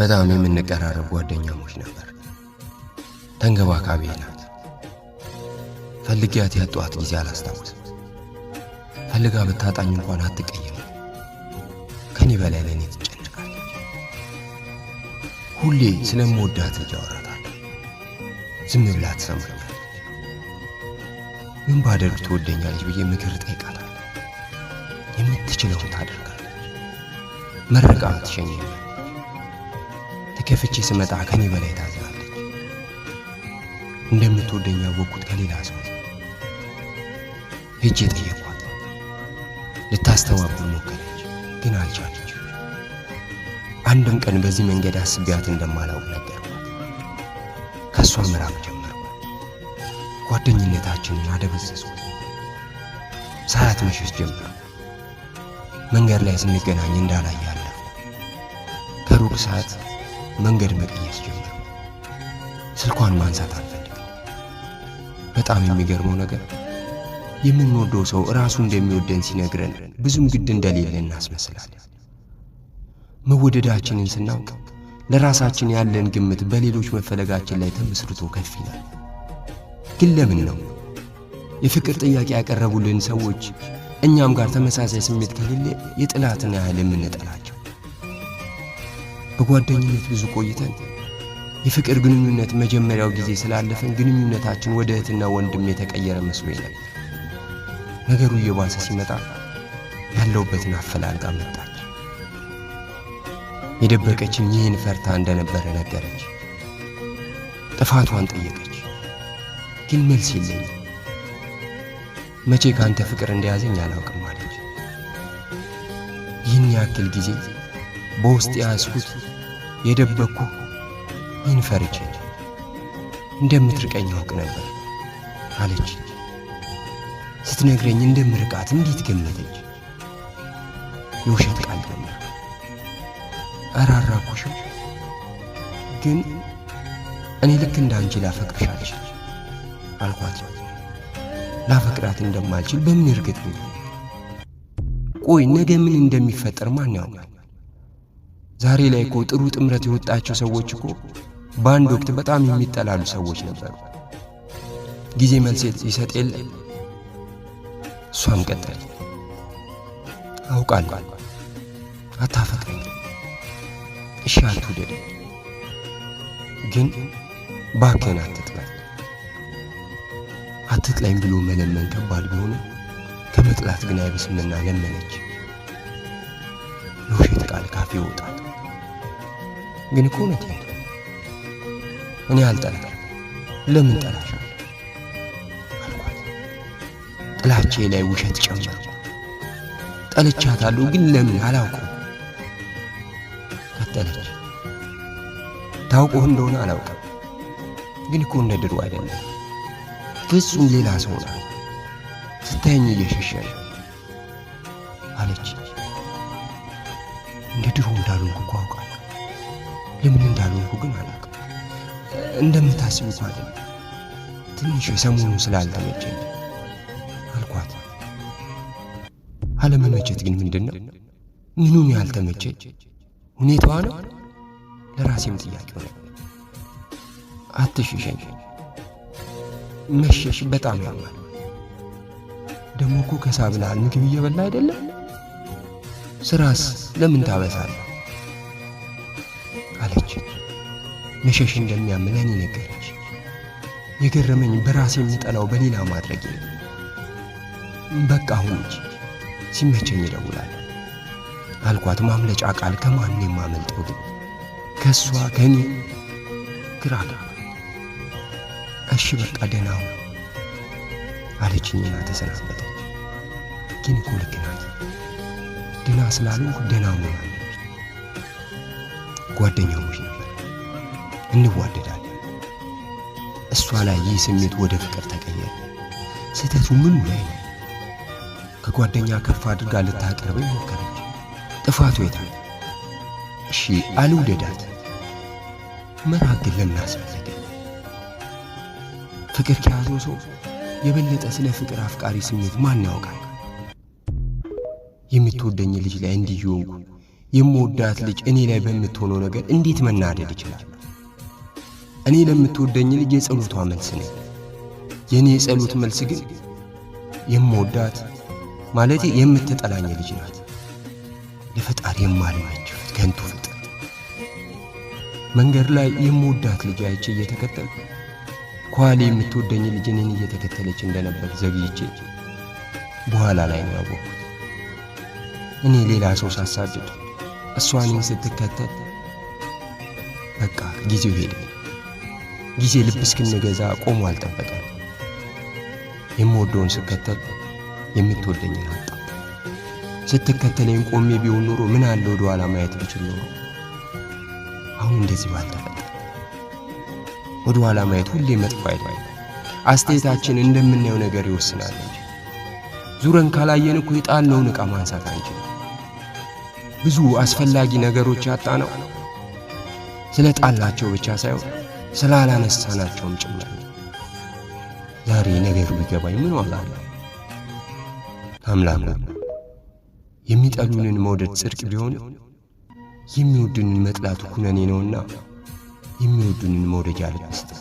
በጣም የምንቀራረብ ጓደኛሞች ነበር። ተንከባካቢ ናት። ፈልጊያት ያጧት ጊዜ አላስታውስም። ፈልጋ ብታጣኝ እንኳን አትቀይም። ከኔ በላይ ለእኔ ትጨንቃለች። ሁሌ ስለምወዳት እያወራታለሁ። ዝም ብላ ትሰማኛለች። ምን ባደርግ ትወደኛለች ብዬ ምክር እጠይቃታለሁ። የምትችለውን ታደርጋለች። መርቃ ትሸኘኛለች። ከፍቼ ስመጣ ከኔ በላይ ታዝናለች። እንደምትወደኝ ያወቅኩት ከሌላ ሰው ሄጄ ጠየኳት። ልታስተባብል ሞከረች፣ ግን አልቻለች። አንድም ቀን በዚህ መንገድ አስቢያት እንደማላውቅ ነገርኳት። ከእሷ ምራቅ ጀመርኩ። ጓደኝነታችንን አደበዘዝኩት። ሰዓት መሸሽ ጀመር። መንገድ ላይ ስንገናኝ እንዳላይ ከሩቅ ሰዓት መንገድ መቀየስ ጀመሩ። ስልኳን ማንሳት አልፈልግም። በጣም የሚገርመው ነገር የምንወደው ሰው ራሱ እንደሚወደን ሲነግረን ብዙም ግድ እንደሌለ እናስመስላለን። መወደዳችንን ስናውቅ ለራሳችን ያለን ግምት በሌሎች መፈለጋችን ላይ ተመስርቶ ከፍ ይላል። ግን ለምን ነው የፍቅር ጥያቄ ያቀረቡልን ሰዎች እኛም ጋር ተመሳሳይ ስሜት ከሌለ የጥላትን ያህል የምንጠላቸው? በጓደኝነት ብዙ ቆይተን የፍቅር ግንኙነት መጀመሪያው ጊዜ ስላለፈን ግንኙነታችን ወደ እህትና ወንድም የተቀየረ መስሎኝ ነው። ነገሩ እየባሰ ሲመጣ ያለውበትን አፈላልጋ መጣች። የደበቀችን ይህን ፈርታ እንደነበረ ነገረች። ጥፋቷን ጠየቀች፣ ግን መልስ የለኝም። መቼ ከአንተ ፍቅር እንደያዘኝ አላውቅም አለች። ይህን ያክል ጊዜ በውስጥ ያዝሁት የደበኩ ይህን ፈርቼ እንደምትርቀኝ አውቅ ነበር አለች። ስትነግረኝ እንደምርቃት እንዴት ገመተች? የውሸት ቃል ደግሞ አራራኩሽ፣ ግን እኔ ልክ እንዳንቺ ላፈቅርሽ አልችል አልኳት። ላፈቅራት እንደማልችል በምን እርግጥ? ቆይ ነገ ምን እንደሚፈጠር ማን ያውቃል? ዛሬ ላይ እኮ ጥሩ ጥምረት የወጣቸው ሰዎች እኮ በአንድ ወቅት በጣም የሚጠላሉ ሰዎች ነበሩ። ጊዜ መልስ ይሰጥ የለ። እሷም ቀጠል አውቃለሁ፣ አታፈቅረኝ፣ እሺ አትውደድ፣ ግን ባከን አትጥላኝ። አትጥላኝ ብሎ መለመን ከባድ ቢሆንም ከመጥላት ግን አይበስምና ለመነች። የውሸት ቃል ካፌ ይወጣል። ግን እኮ እውነት እኔ አልጠላም። ለምን ጠላሽ አልኳት። ጥላቼ ላይ ውሸት ጨምር። ጠልቻታለሁ፣ ግን ለምን አላውቅም። ቀጠለች። ታውቆህ እንደሆነ አላውቅም፣ ግን እኮ እንደ ድሮ አይደለም። ፍጹም ሌላ ሰው ነው። ስታየኝ እየሸሸ አለች። እንደ ድሮ እንዳልሆንኩ እኮ አውቃለሁ። ለምን እንዳልሆንኩ ግን አላውቅም። እንደምታስቡት ማለት ነው። ትንሽ የሰሞኑን ስላልተመቸኝ አልኳት። አለመመቸት ግን ምንድን ነው? ምኑን ያልተመቸኝ ሁኔታዋ ነው? ለራሴም ጥያቄ ሆነ። አትሽሸኝ፣ መሸሽ በጣም ያማል። ደግሞ እኮ ከሳብልሃል ምግብ እየበላ አይደለም ስራስ ለምን ታበሳለህ? አለች። መሸሽ እንደሚያምለህ እኔ ነገረች። የገረመኝ በራሴ የምጠላው በሌላ ማድረጌ። በቃ አሁን እንጂ ሲመቸኝ ይደውላል አልኳት። ማምለጫ ቃል ከማን የማመልጠው ግን ከእሷ ከእኔ ግራ ጋር እሺ በቃ ደህና ሁን አለችኝና ተሰናበተች። ግን እኮ ልክ ናት። ደና ስላልኩ ደና ነው። ጓደኛሞች ነበር፣ እንዋደዳለን። እሷ ላይ ይህ ስሜት ወደ ፍቅር ተቀየረ። ስህተቱ ምን ላይ ነው? ከጓደኛ ከፍ አድርጋ ልታቀርበኝ ሞከረች። ጥፋቱ የታ እሺ አልውደዳት መራግን ለናስፈለገ ፍቅር ከያዘው ሰው የበለጠ ስለ ፍቅር አፍቃሪ ስሜት ማን ያውቃል? የምትወደኝ ልጅ ላይ እንዲህ የምወዳት ልጅ እኔ ላይ በምትሆነው ነገር እንዴት መናደድ ይችላል? እኔ ለምትወደኝ ልጅ የጸሎቷ መልስ ነኝ። የእኔ የጸሎት መልስ ግን የምወዳት ማለት የምትጠላኝ ልጅ ናት። ለፈጣሪ የማልመችት ከንቱ ፍጥ መንገድ ላይ የምወዳት ልጅ አይቼ እየተከተል ኳሌ የምትወደኝ ልጅ እኔን እየተከተለች እንደነበር ዘግይቼ በኋላ ላይ ነው ያወቅኩት። እኔ ሌላ ሰው ሳሳድድ እሷ ስትከተል በቃ ጊዜው ሄደ። ጊዜ ልብ እስክንገዛ ቆሞ አልጠበቀም። የምወደውን ስከተል የምትወደኝን አጣ። ስትከተለኝ ቆሜ ቢሆን ኖሮ ምን አለ ወደ ኋላ ማየት ብችል ኖሮ አሁን እንደዚህ ባልተፈጠረ። ወደ ኋላ ማየት ሁሌ መጥፎ አይደለም። አስተያየታችን እንደምናየው ነገር ይወስናል እንጂ ዙረን ካላየን እኮ የጣልነውን ዕቃ ማንሳት አንችልም። ብዙ አስፈላጊ ነገሮች ነው። ስለ ጣላቸው ብቻ ሳይሆን ስላላነሳናቸውም ጭምር። ዛሬ ነገሩ ቢገባኝ ምን ዋጋ አለው? አምላክ የሚጠሉንን መውደድ ጽድቅ ቢሆን የሚወዱንን መጥላቱ ኩነኔ ነውና የሚወዱንን መውደጃ ልትስጥ